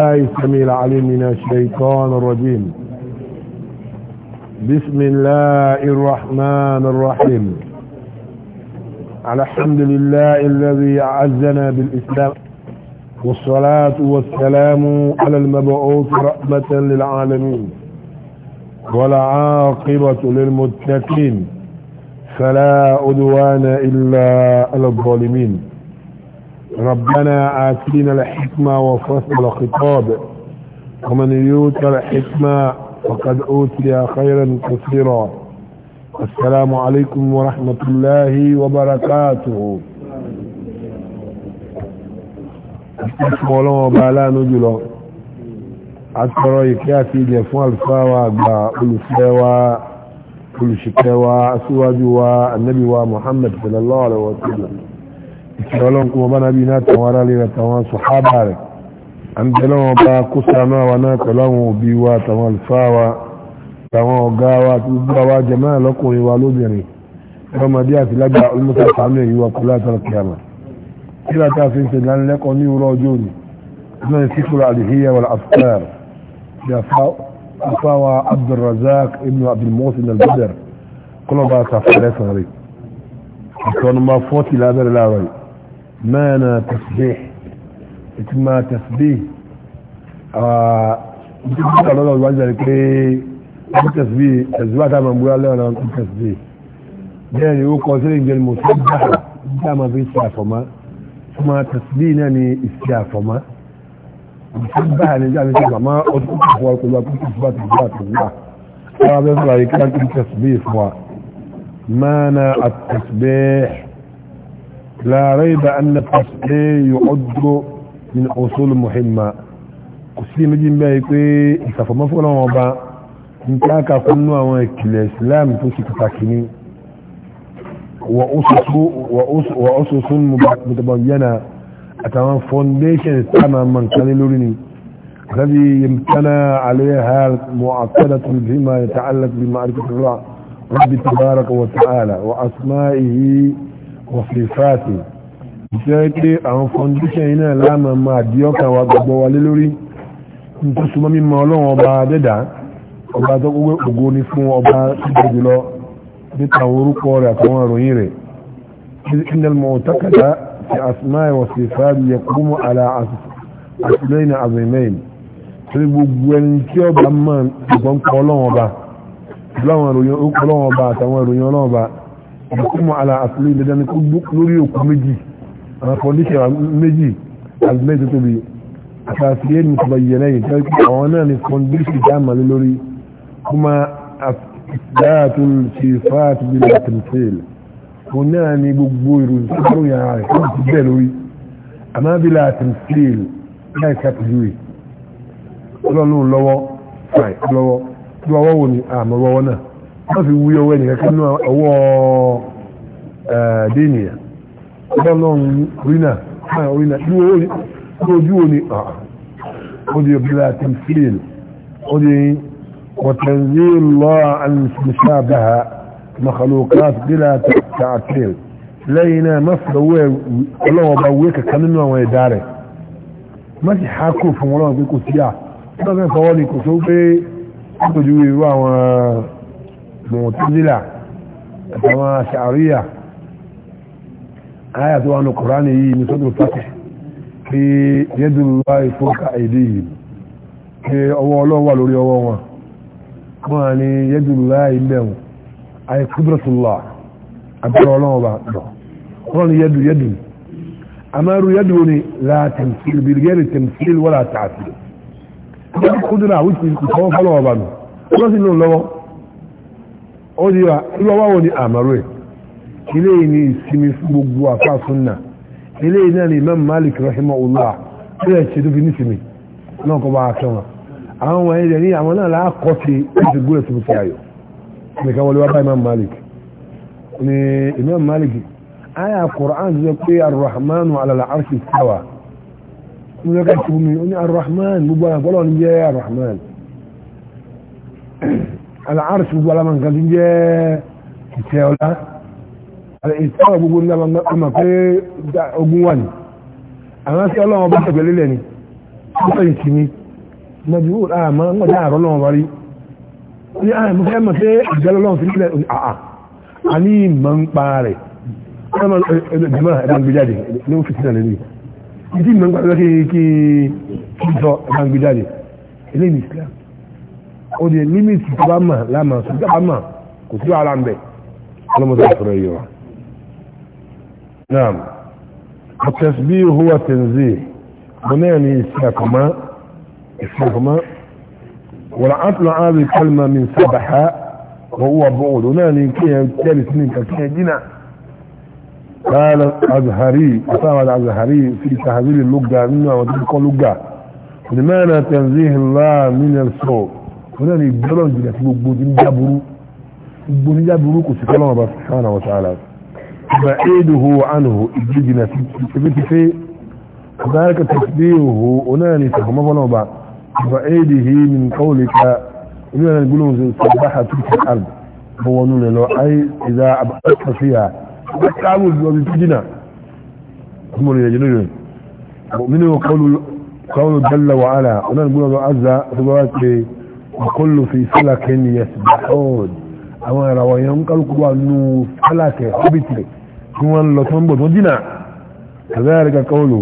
الله السميع العليم من الشيطان الرجيم بسم الله الرحمن الرحيم الحمد لله الذي أعزنا بالإسلام والصلاة والسلام على المبعوث رحمة للعالمين والعاقبة للمتقين فلا أدوان إلا على الظالمين ربنا آتينا الحكمة وفصل الخطاب ومن يوت الحكمة فقد أوتي خيرا كثيرا السلام عليكم ورحمة الله وبركاته أستغفر وبا لا نجل أترى يكاتي لفوال الفاوى أقبى الفاوى النبي ومحمد صلى الله عليه وسلم ìṣẹ́lọ́n kó bá nábi náà tàwọn ará lè tàwọn sọ̀hábà rẹ̀ a ń tẹ́lọ́ wọn bá kó sànú àwọn náà pẹ̀lú àwọn òbí wa tàwọn àlùfáà wa tàwọn ọ̀gá wa tó gbà wa jẹ́ máa lọ́kùnrin wa lóbìnrin ọmọdé àti lágbà olùmọ̀tà sàánú èyí wa kó látara kìámà kí látà fi ń ṣe lánilẹ́kọ̀ọ́ ní òwúrọ̀ ọjọ́ òní náà sì àdìhíyà wal afkar bí afáwa abdulrazak ibn abdulmohsen albadar kọlọba sàfẹ́rẹ́ sàrẹ́ ìtọ́numá fọ́tì lábẹ́rẹ́ láàárọ̀ yìí معنى تسبيح اتما تسبيح ìjọba lọ́lọ́ ìwájú rẹ̀ pé ọmọ tẹ̀sí ẹ̀sùwá tá a máa ń búra lẹ́wọ̀n náà ń tẹ̀sí bẹ́ẹ̀ ni ó kọ sílẹ̀ ìjọ ni mo tó dá dá máa fi ṣe àfọ̀mọ́ tó máa tẹ̀sí náà ni ìṣe àfọ̀mọ́ tó bá ní ìjà mi ṣe màmá ọdún tó fọwọ́ pẹ̀lú akókò tó bá ti gbà tó gbà lára bẹ́ẹ̀ sọ̀rọ̀ yìí kí wọ́n ti tẹ̀sí fún wa máa na àtẹ̀sí bẹ́ẹ̀ لا ريب أن التصحيح يعد من أصول مهمة kùsí méjì ń bẹ́ẹ̀ pé ìsàfọ̀mọ́ fún ọlọ́wọ́n ọba ń káàkà fún inú àwọn ìkìlẹ̀ islam tó ṣe pàtàkì ní wà oṣooṣun mutabayyana àtàwọn foundation sáàmà mọ̀ nǹkan lé lórí ni àtàbí yamtana alayha mu'akkada tó bí ma yata'allaq bi ma'rifati Allah rabbi tabaraka wa ta'ala wa asma'ihi wọ̀fẹ̀fẹ́àtì ìṣẹ́ pé àwọn fọ́ndíṣẹ́ iná láàmà máa dí ọkà wa gbogbo wa lé lórí nítorí súnmọ́ mímọ́ ọlọ́run ọba dẹ́dà ọba tó gbogbo ògo ni fún ọba síbi jùlọ nípa orúkọ rẹ̀ àtàwọn ìròyìn rẹ̀ ìdílmọ̀ takàdá ti asmáì wọ̀fẹ̀fẹ́àtì yẹ kúmọ̀ àlà àtìlẹ́yìn àzìmẹ́yìn torí gbogbo ẹni tí ọba máa gbọ́n kọ́ ọlọ́run ọba ọ̀pọ̀kúnmọ̀ ala àtúlé ìlẹ́dá ní lórí òkú méjì àwọn kọ̀ndíṣẹ̀ méjì alìmẹ́jì tó bí àtàkìyẹ́ ní ìtọba yìí lẹ́yìn tó kí àwọn náà ní kọ̀ndíṣẹ̀ dáàmà lé lórí kuma àtàkì ṣe fáàtì bí latinfail mo náà ní gbogbo ìròyìn tó kọ́ yàrá rẹ̀ tó ti wọ́n wọ́n wọ́n fi wúyọ ọwọ́ ẹnìkan kan náà ọwọ́ dénìyà ọgbọ́n náà rínà rínà ojú wo ni ah, ó di ọbílá àti fíl ó di wọ̀tẹ̀lẹ́ lọ àìsíṣà bá a makaloka bílá tààtìl lẹ́yìn náà má fi ọwọ́ ọlọ́wọ́ bá wé kankan nínú àwọn ẹ̀dá rẹ̀ má sì hákò fún ọlọ́wọ́ pé kò sí à ọlọ́wọ́ fẹ́ fọwọ́ ni kò só pé ó tọ́jú irú àwọn mọ̀tíbílà àtàwọn aṣàríyà ayàtò wọn kùránì yìí ní sọ́dọ̀ fàtẹ̀ pé yẹ́dùnlá ìfọ́ka èdè yìí pé ọwọ́ ọlọ́wà lórí ọwọ́ wọn wọ́n ni yẹ́dùnlá ìbẹ̀wọ̀n ayé kúdùrọ̀tùlá àbúrò ọlọ́wà lọ wọ́n ni yẹ́dù yẹ́dù àmàrú yẹ́dù ni látẹ̀mfìl bìrìgẹ́rì tẹ̀mfìl wọ́n látàfìl ó ní wa ìwà wáwo ni àmàrò ẹ̀ ilé yìí ni ìsinmi fún gbogbo àfáà súnà ilé yìí náà ni imam malik rahimahullah ó yẹ ṣe tó fi nísìmí náà kọ́ bá a kẹ́ wọn àwọn wọ̀nyí rẹ̀ ní àwọn náà láàkọ́ sí láti gúrẹ̀ tó fi ayọ̀ nìkan wọlé wá bá imam malik ni imam malik aya qur'an zai pé arrahmanu alal arshi sawa mo lọ́ka ṣubú mi ó ní arrahman gbogbo àwọn àgbọ́lọ́ jẹ́ arrahman alárùsù gbogbo alamọ̀ nǹkan tí ń jẹ́ ìtẹ́ ọlá ìtẹ́wọ̀ gbogbo ní ọmọ pé ogun wà ní àwọn sí ọlọ́wọ́ bá tẹ̀gbẹ̀ lélẹ̀ ni púpọ̀ ìsinmi mọ̀jú àmọ́ ń gbọ́dá àrọ́ lọ́wọ́ wárí ní àmọ́ fẹ́ mọ̀ pé ìgbẹ́lọ́lọ́wọ́ fi nílẹ̀ àà a ní ìmọ̀ ń pa rẹ̀ ẹgbẹ̀mọ̀ ẹgbẹ̀jáde ní ó fi sílẹ̀ ìdí ìmọ̀ ń pa rẹ̀ kí sọ ẹgbẹ̀jáde eléyìí Islam ó di límìtì tó bá mà lámà sójú bá mà kò sí wàhálà ń bẹ̀ ọlọ́mọdé àtúrọ̀ yìí wa. naam àtẹ̀síbí huwa tẹ̀nzí mo náà ní ìsìn àkọ́mọ́ ìsìn àkọ́mọ́ wọ́n àtúnà ábí kálmà mi sábàá wọ́n wà bọ́ọ̀lù náà ní kéèyàn tẹ́lẹ̀ sí nìkan kéèyàn jìnnà. قال الازهري أصاب الازهري في تهذيب اللقة مما وتلك اللقة لماذا تنزيه الله من السوء wọn náà ní gbọ́dọ̀ jùlọ sí gbogbo ní jáburú gbogbo ní jáburú kò sí kọ́lọ́mọ̀ bá sàánà wọ́n sàánà bá éèdù hó ànùhó ìgbéjì náà sí tìfẹ́tìfẹ́ àbáyáka tẹ̀síbí hó wọn náà ní sàkọ́mọ́ fọ́lọ́mọ̀ bá bá éèdù hí ní kọ́wọ́lẹ̀ ká ilé náà gbólóhùn sí sàbáhà tó ti àl bọ́ wọn nulẹ̀ lọ وكل في فلك يسبحون àwọn ìràwọ̀ yẹn ń kálukú wà nù fẹ́làkẹ̀ ọ́bìtì tí wọ́n lọ tó ń bọ̀ tó dínà kàzáàríkà kọ́ọ̀lù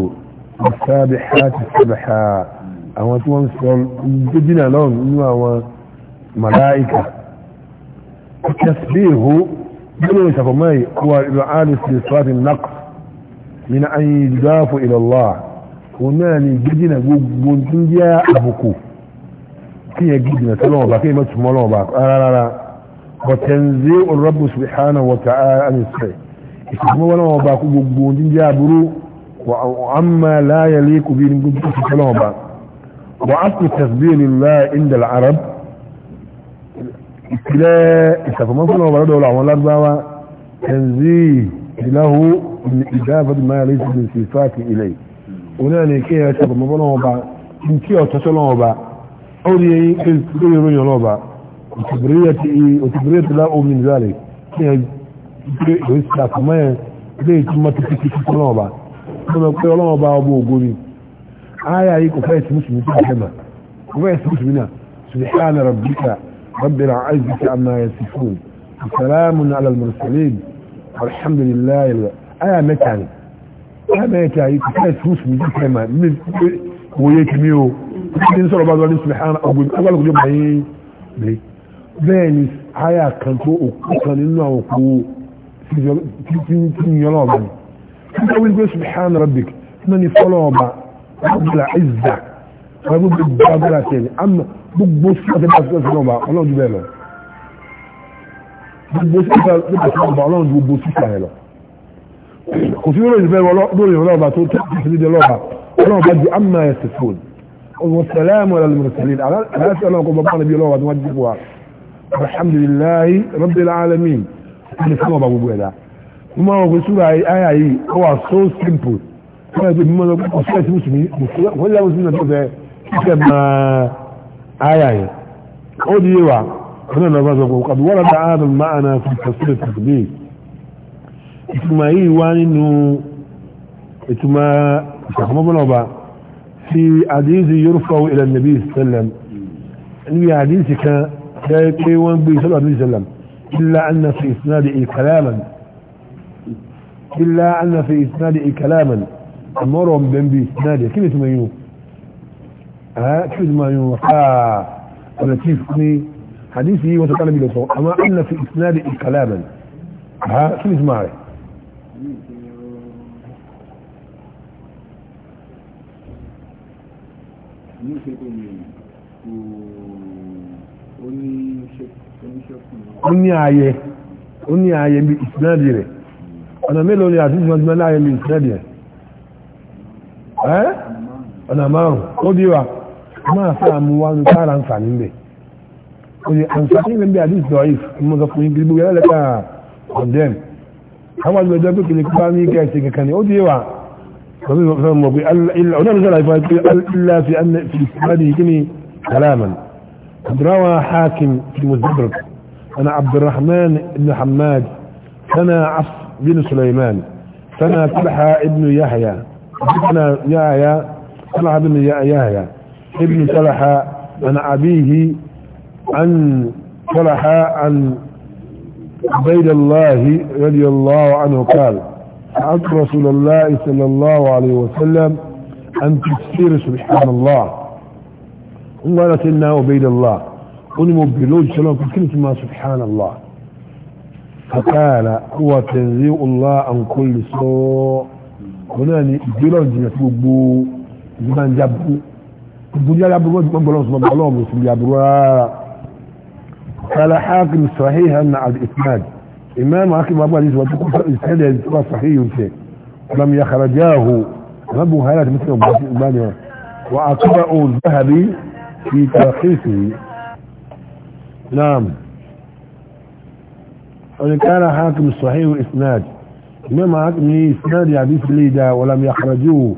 ìsáàbìhá ti sábìhá àwọn tí wọ́n sọ tó dínà lọ́n nínú àwọn màláìkà tasbihu nínú ìṣàfọ̀mọ́yì wà ìlú kíyàn gidi na tọ́lọ́wọ́ ba kíyàn mọ́tò mọ́lọ́wọ́ ba rárá wa tanzi'u rabbu subhanahu wa ta'ala an yusri ìsìnkú mọ́lọ́wọ́ ba kú gbogbo ohun jíjẹ́ aburú wa amma la yaliqu bi ní gbogbo tọ́lọ́wọ́ ba wa aku tasbih lillah inda al-arab ìpìlẹ̀ ìsàfọ̀mọ́ fọ́lọ́wọ́ ba lọ́dọ̀ àwọn lárúbáwá tanzi'u lahu min idafati ma laysa min sifati ilayhi òun náà ni kíyàn ìsàfọ̀mọ́ fọ́lọ́wọ́ ba kí ọ̀tọ́ sọ́lọ́wọ́ ba حوري كي يروي لوبا وتبريتي وتبريت لا من ذلك كي يسكا كما ليه ثم تفكي في لوبا كما كي لوبا ابو غوري آية هيك وفايت مسلم تحمى وفايت مسلمنا سبحان ربك رب العزة عما يصفون سلام على المرسلين والحمد لله آية متعني آية متعني وفايت مسلم تحمى ويكميو ní sọ̀rọ̀ bá lọ ní subhana ọgbìn agbálùkù yóò máa yín lè bẹ́ẹ̀ ni àyà kan tó òkú kan nínú àwọn òkú tí yọ lọ́ọ̀bà ni nígbà wípé subhana rabbik náà ni fọ́lọ́ ọba ọgbìlà ìzà ọgbìlà gbogbo agbára tẹ̀lé àmà gbogbo sọ́ọ̀tẹ̀ bá sọ́ọ̀tẹ̀ ọba ọlọ́run jù bẹ́ẹ̀ lọ gbogbo sọ́ọ̀tẹ̀ bá sọ́ọ̀tẹ̀ ọba ọlọ́run jù gbogbo sọ́ọ̀tẹ̀ yẹn lọ kò sí lórí ìbẹ̀rù lórí ọlọ́ọ̀bà tó tẹ̀ ọlọ́ọ̀bà ju àmà ẹ̀sẹ̀ fóònù والسلام على المرسلين على أسأل الله قبضان نبي الله وتوجه الحمد لله رب العالمين ni sábà bá gbogbo ẹ̀dá mo máa ń wọ sórí àyà yìí ó wà so simple wọ́n yẹ kí mo máa kọ́ sílẹ̀ tí mo sì ní wọ́n yẹ kí mo sì fẹ́ fẹ́ máa àyà yìí ó di yé wa wọ́n náà lọ́wọ́ sọ́kọ́ kàbí wọ́n lọ́dọ̀ ààbò máa na fi tẹ̀sílẹ̀ tẹ̀sílẹ̀ yìí ìtumọ̀ yìí wá nínú ìtumọ̀ ìṣàkómọ́bọ́nà ọba في حديث يرفع إلى النبي صلى الله عليه وسلم في حديث كان لا يقيون بي صلى الله عليه وسلم إلا أن في إسناده كلاما إلا أن في إسناده كلاما أمرهم بن بإسناده كيف تمينوه ها كيف تمينوه ها ولكيفني حديثه وتطلب إلى صوت أما أن في إسناده كلاما ها كيف تمينوه ó ní ààyè ó ní ààyè bí ìsinádìí rẹ̀ ọ̀nà mélòó ni àti ìsinádìí mẹ́lá ààyè bí ìsinádìí rẹ̀ ẹ́ ọ̀nà márùn ó bí wa máa fẹ́ àmú wa ní káàrà ń fà níbẹ̀ ó ní àǹfààní rẹ̀ bí àdìsí ọ̀yí mo sọ fún ibi gbogbo ẹlẹ́ka ọ̀dẹ́m àwọn àgbẹ̀jọ́ pé kìlẹ̀ kíkọ́ ní kẹ́ẹ̀sì kankan ni ó bí إلا في أن في إسناده كني كلاما روى حاكم في المزدرك أنا عبد الرحمن بن حماد سنة عف بن سليمان سنة طلحة ابن يحيى سنة يحيى طلحة بن يحيى ابن طلحة عن أبيه عن طلحة عن عبيد الله رضي الله عنه قال دعت رسول الله صلى الله عليه وسلم أن تكثير سبحان الله وقالت إنا وبيد الله ونمو مبلوج سلام كلمة ما سبحان الله فقال هو تنزيء الله عن كل سوء هنا جنة يتبو زمان جابو الدنيا يابو ما بلوج ما بلوج ما قال حاكم صحيح أن الإسناد إمام حكم أبو عزيز وتقول إسهل يتبع صحيح وشيء لم يخرجاه ربو هالات مثل أبو وأطبعوا الذهبي في تلخيصه نعم وإن كان حاكم الصحيح والإسناد إمام حاكم لي إسناد يعديث لي ده ولم يخرجوه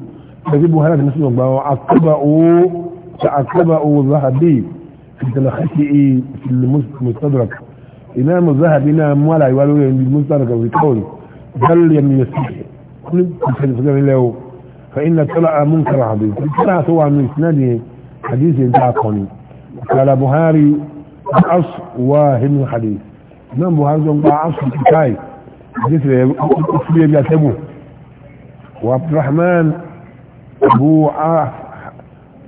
فجيبوا هالات مثل أبو وأطبعوا تأطبعوا الذهبي في تلخيصه في المستدرك إمام الذهبي نعم ولا يوالو المستدرك بقول بل يم يسيح فإن طلع منكر عظيم طلع سوى من إسناده حديث قوني قال بهاري أص واهم الحديث إمام بهاري قال عصر كتاي حديث أسلية بيأتبه وعبد الرحمن أبو عاف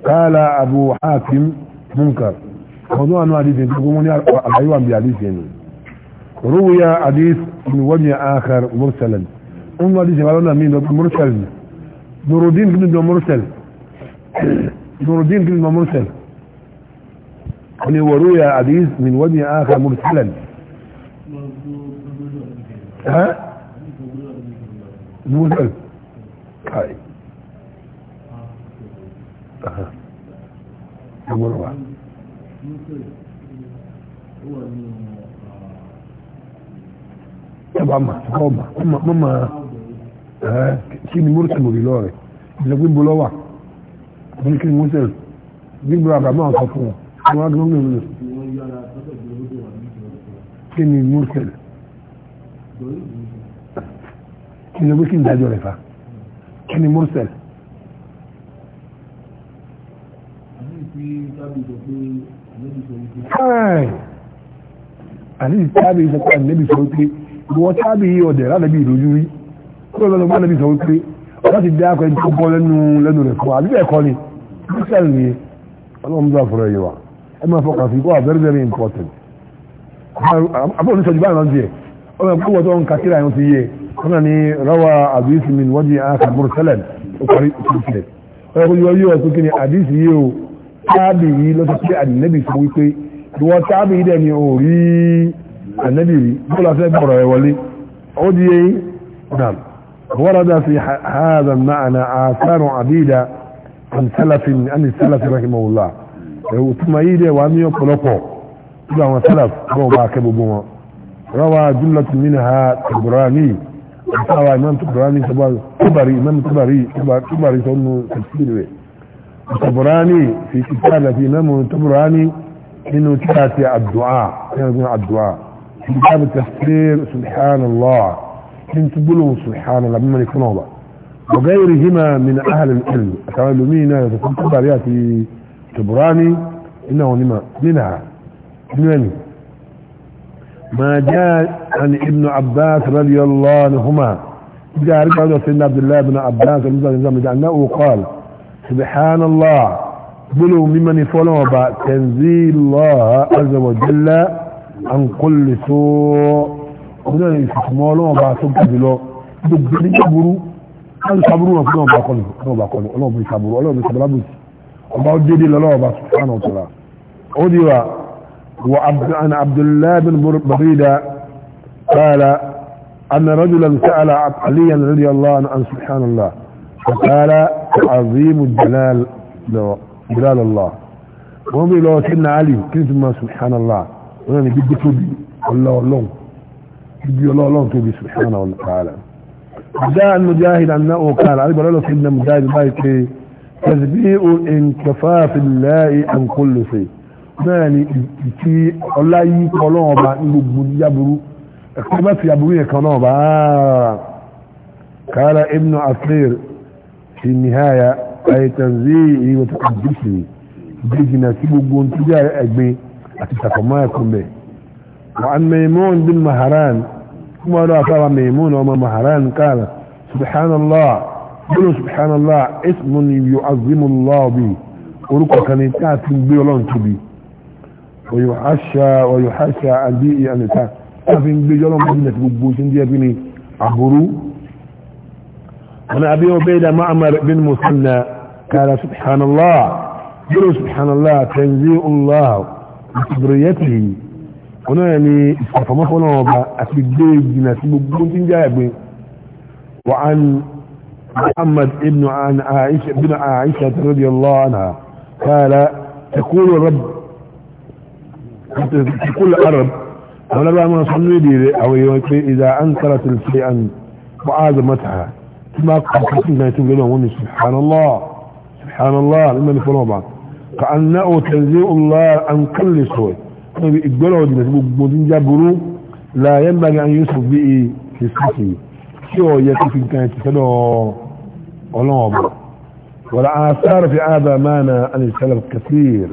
قال أبو حاتم منكر موضوع أنه حديث تقومون الحيوان بحديث يعني روي حديث من وجه آخر مرسلا أم حديث قالونا مين مرسل نور الدين بن مرسل نور الدين بن مرسل يعني وروي حديث من وجه آخر مرسلا ها مرسل هاي أها. yaba ma kọ ma mama mama ẹẹ kini mori tẹmẹ bi lọọre ìlẹgbẹ bolo wa wọn kiri wọn sẹn bí bolo àgbà máa sọ fún wọn wọn gbọ́n gbọ́n gbọ́n kini mori sẹn ìlẹgbẹ kini dájọ rẹ fa kini mori sẹn. Thank you káì àníbi tábì sọ pé àníbi sọ pé ìwọ tábì ọ̀dẹ̀ lánàbí ìlójú rí kúrò lọ́dọ̀ bá àníbi sọ pé wọ́n ti dá akọ ẹni tó bọ́ lẹ́nu lẹ́nu rẹ̀ fún wa àbí bẹ́ẹ̀ kọ́ ni christian ni ọlọ́run bá fọ̀rọ̀ very important àbúrò ní sọ̀jú báyìí lọ́dún yẹ ọmọ ẹ̀kọ́ wọ́n tó ń kàkírà yẹn ti yẹ ọ̀nà ni rọwà àbíyèsí mi wọ́n di àkàbùrù sẹ́lẹ̀ ó parí ìtúsílẹ̀ ọ̀yọ́ kó yọ yíyọ tó kí ni àdísì yìí o tábìrì lọ́sọ̀ pé ànẹ́bì fún wípé ìwọ tábìrì dẹ̀ ni ò rí ànẹ́bì rí bọ́lá fẹ́ bọ̀rọ̀ ẹ̀ wọlé ó di yé dàm ورد في هذا المعنى آثار عديدة عن سلف عن السلف رحمه الله ثم يدي وامي وقلقه إلا هو سلف هو باكب بما روى جملة منها تبراني روى إمام تبراني تبري إمام تبري تبري تبري تبري تبري الطبراني في كتابة في إمام الطبراني إنه تأتي الدعاء يقول الدعاء في كتاب التفسير سبحان الله من تقولوا سبحان الله ممن يكون وغيرهما من أهل العلم أتعلمين يتكون تبارياتي تبراني إنه نما منها مني ما جاء عن ابن عباس رضي الله عنهما جاء رجل سيدنا عبد الله بن عباس رضي الله عنه قال سبحان الله بلو ممن يفولون وبا تنزيل الله عز وجل عن كل سوء ونحن يفتمولون وبا تنكذلو دوك بني يبرو هل صبرون وكذلو وبا قلو وبا قلو الله بني صبرو الله بني صبر أبوك وبا أجدي لله وبا سبحانه وتعالى أدوى وعبد أنا عبد الله بن بريدة قال أن رجلا سأل عليا رضي الله عنه سبحان الله فقال عظيم جلال جلال الله wọ́n bí lọ sí nàálì kírísìmọ̀ subhanallah wọ́n ni gbígbé tóbi ọlọ́ọ̀lọ́n gbígbé ọlọ́ọ̀lọ́n tóbi subhanallah ta'ala dáa mujahid anna okala alìbọ̀lọ́ lọ sí mujahid báyìí pé tasbihu in kafafi láì an kullu shay náà ni ìtì ọláyí kọlọ́ọ̀ bá ní gbogbo yaburu ẹ̀kọ́ bá fi yaburu yẹn kan náà في النهاية أي تنزيهي وتقدسه بيجنا سيبقون تجاه أجبي أتتكم ما يكون به وعن ميمون بن مهران ثم لا ترى ميمون وما مهران قال سبحان الله قلوا سبحان الله اسم يعظم الله به ورقا كان يتاتم بي تبي ويحشى ويحشى عن بيئي أن يتاتم بي ولون تبي نتبقوش اندي أبني عبرو عن أبي عبيدة معمر بن مثنى قال سبحان الله قلوا سبحان الله تنزيه الله بقدريته هنا يعني استفهمه هنا وبا أتبديج نسيب بنت جايب وعن محمد ابن عن عائشة ابن عائشة رضي الله عنها قال تقول رب تقول العرب أولا بقى ما صنعي دي أو إذا أنكرت الفئه وعازمتها كما قلت لنا يتم وني سبحان الله سبحان الله لما نفعله بعض كأنه تنزيع الله عن كل سوء إقباله دي مدين جابرو لا ينبغي أن يوسف به في سكي شو يكفي كان يتسلو الله أبو ولا آثار في هذا مانا عن السلف كثير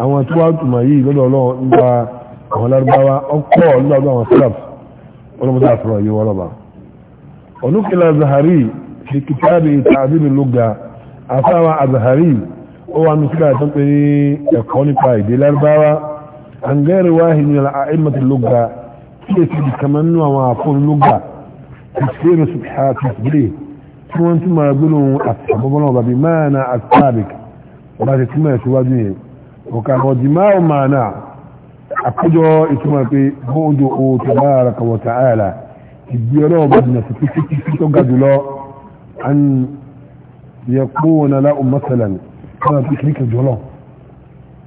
أما تواد ما يي لدو الله إنت ولا ربما أقول لدو الله سلف ولا مدافر ولا الله ونقل الزهري في كتابه تعذيب اللغة أفاوى الزهري هو نقل تنقل يقوني قايد الأرباوة عن غير واحد من الأئمة اللغة كيف كمان ومعفو اللغة تسير سبحانه تسبيه ثم أنتم يقولون أصحاب بمعنى السابق ولا تتمنى سواجه وكان هو معنى معنا أقدر إتمنى بوضع تبارك وتعالى ìgbé ọlọ́wọ́ bá jìnà sí títí tó ga jùlọ an yẹ kó wọn alá umasalan kọ́nà tó kìí kẹjọlọ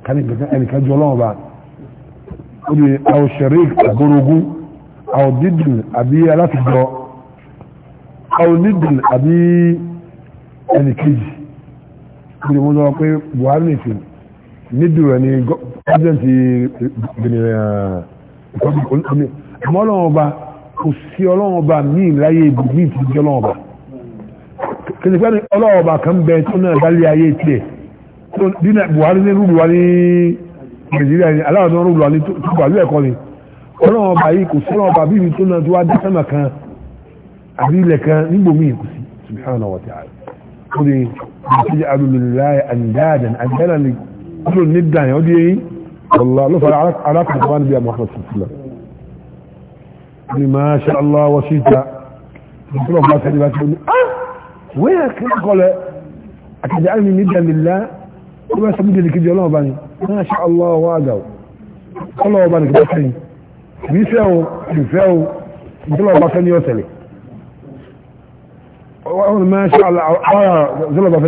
kàní kẹjọ ẹni kẹjọlọ ọba ó di àwọn sharik àgbórogún àwọn dídùn àbí alátìjọ àwọn dídùn àbí ẹni kejì ó di wọn lọ pé buhari nìkan nídùn rẹ ni gọ́ọ̀dẹ̀ntì gbìnrin ẹ̀ẹ́dẹ́gbẹ̀rún ọmọ ọlọ́wọ́ ọba kò sí ọlọ́run ọba míì láyé ibù míì tó jẹ́ ọlọ́run ọba kìsì pé ọlọ́run ọba kan bẹ tó náà dálé ayé tiẹ̀ tó dínà Buhari ní rúlu wa ní Nàìjíríà ní aláwọ̀ tó rúlu wa ní tó wà lóẹ̀kọ́ ni ọlọ́run ọba yìí kò sí ọlọ́run ọba bíbi tó náà tó wá dá sẹ́mà kan àbí ilẹ̀ kan nígbò míì kò sí subhanahu wa ta'ala ó di ìdíje alùlùláyà àndáàdàn àndáàdàn ni ó ní dàn yẹn di yẹn ọlọ́run ni ma ṣe Allah wa ṣe ta ìpínlọ̀ bá tẹ́lẹ̀ bá tẹ́lẹ̀ ní ah wẹ́yà kí n kọlẹ̀ àkàjẹ́ àmì ní dàmìlá ó bá sọ mídìí kejì ọlọ́ọ̀bá ni ma ṣe Allah wa àgà ọlọ́ọ̀bá ni kìbá sẹ́yìn kìbí fẹ́ o kìbí fẹ́ o ìpínlọ̀ bá sẹ́ni ọ̀tẹ̀lẹ̀ ọ̀rọ̀ ma ṣe Allah zọlọ̀ bá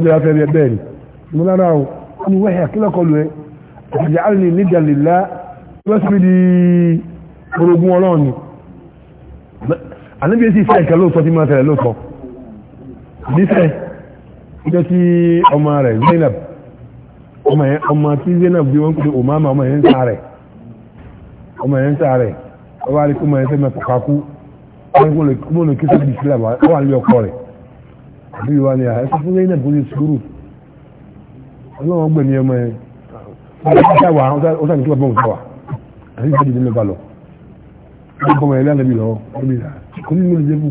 ọlọ́ọ̀ni ànábì èsì ìfẹ́ ìkẹ́ lóòótọ́ tí máa tẹ̀lé lóòótọ́ nífẹ̀ ìjọ tí ọmọ rẹ̀ Zainab ọmọ tí Zainab bí wọ́n kúrò òmáàmà ọmọ yẹn ń sa rẹ̀ ọmọ yẹn ń sa rẹ̀ ọba rí kó ọmọ yẹn fẹ́ máa pàpà kú wọ́n lè kí sóbi ìsìlẹ̀ wà nílé ọkọ rẹ̀ àbí wa ni àyẹ̀kọ́ fún Zainab kó lè sùúrù ọlọ́wọ́n gbẹ̀mí ọmọ yẹn dáwà ó sàn kí wọ́n bọ̀ wọ́n dáwà lọ́wọ́ kò ní lórí jẹ́bù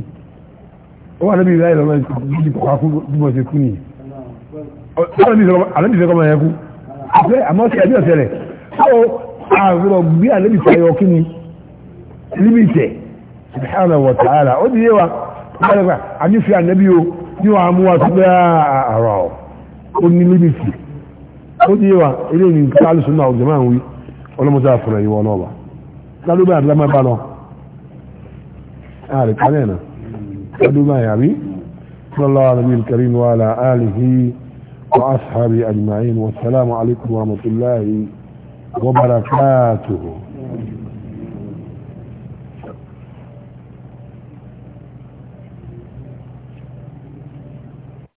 ó wà lẹ́bí ìráyè lọ́wọ́ ìdí kọ̀ọ̀kú bí wọ́n ṣe kú nìyí alẹ́bí ìfẹ́ kọ́mọ yẹn kú àfẹ́ àmọ́ sí ẹbí ọ̀sẹ̀ rẹ̀ ó àrùn bí alẹ́bí ìfẹ́ yọ kí ni límìtẹ̀ subhanahu wa ta'ala ó di yé wa pàpàlẹ́pà ànífẹ́ ànẹ́bí o ní wàá mú wa tó bẹ́ẹ̀ àrà ọ̀ ó ní límìtì ó di yé wa eléyìí ní kálùsùn náà ọ̀jọ̀mọ́ àwọn wí ọlọ́mọdé àfọ̀nà ìwọ náà wà lálùbẹ́ àdúrà má bá náà عارف علينا قدوا ما يعني صلى الله على النبي الكريم وعلى آله وأصحابه أجمعين والسلام عليكم ورحمة الله وبركاته